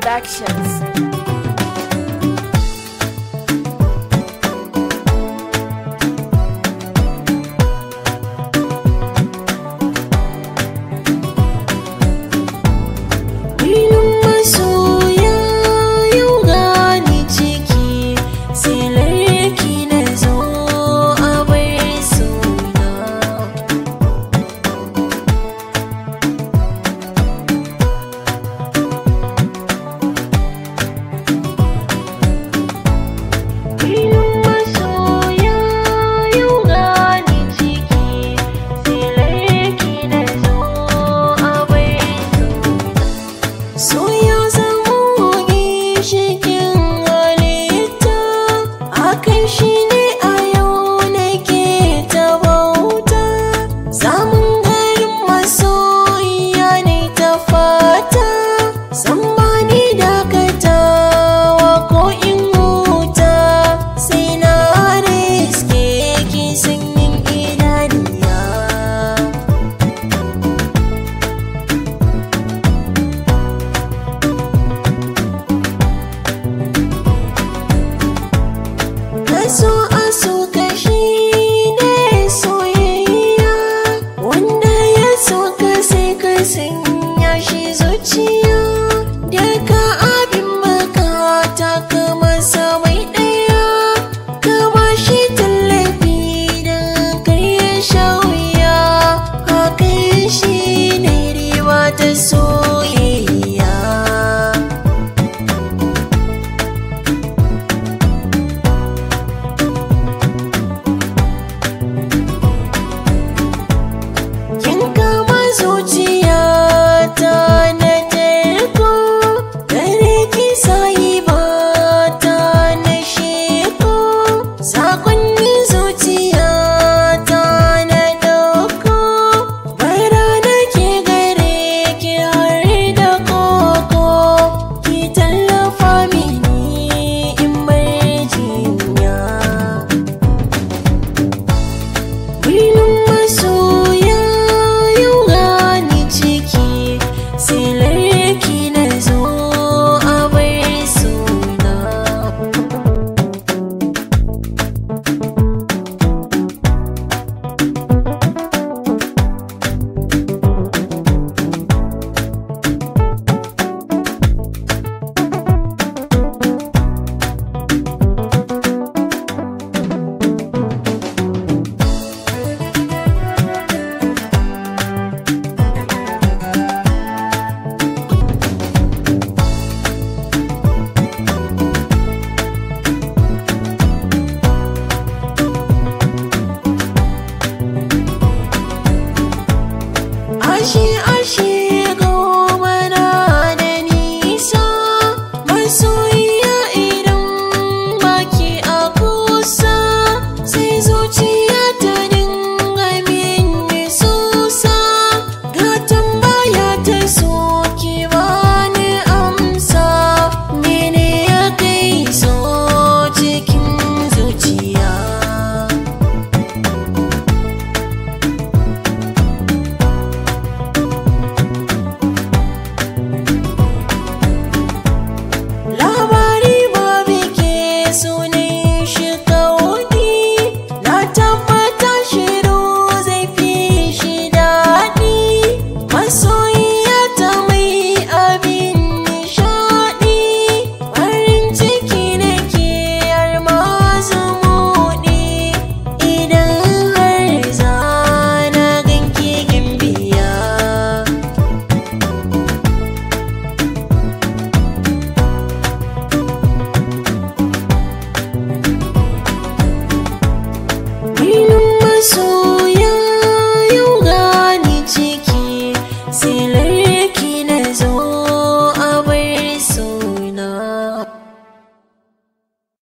Productions. ne soyayya wanda ya so ka sai ka shi zuciya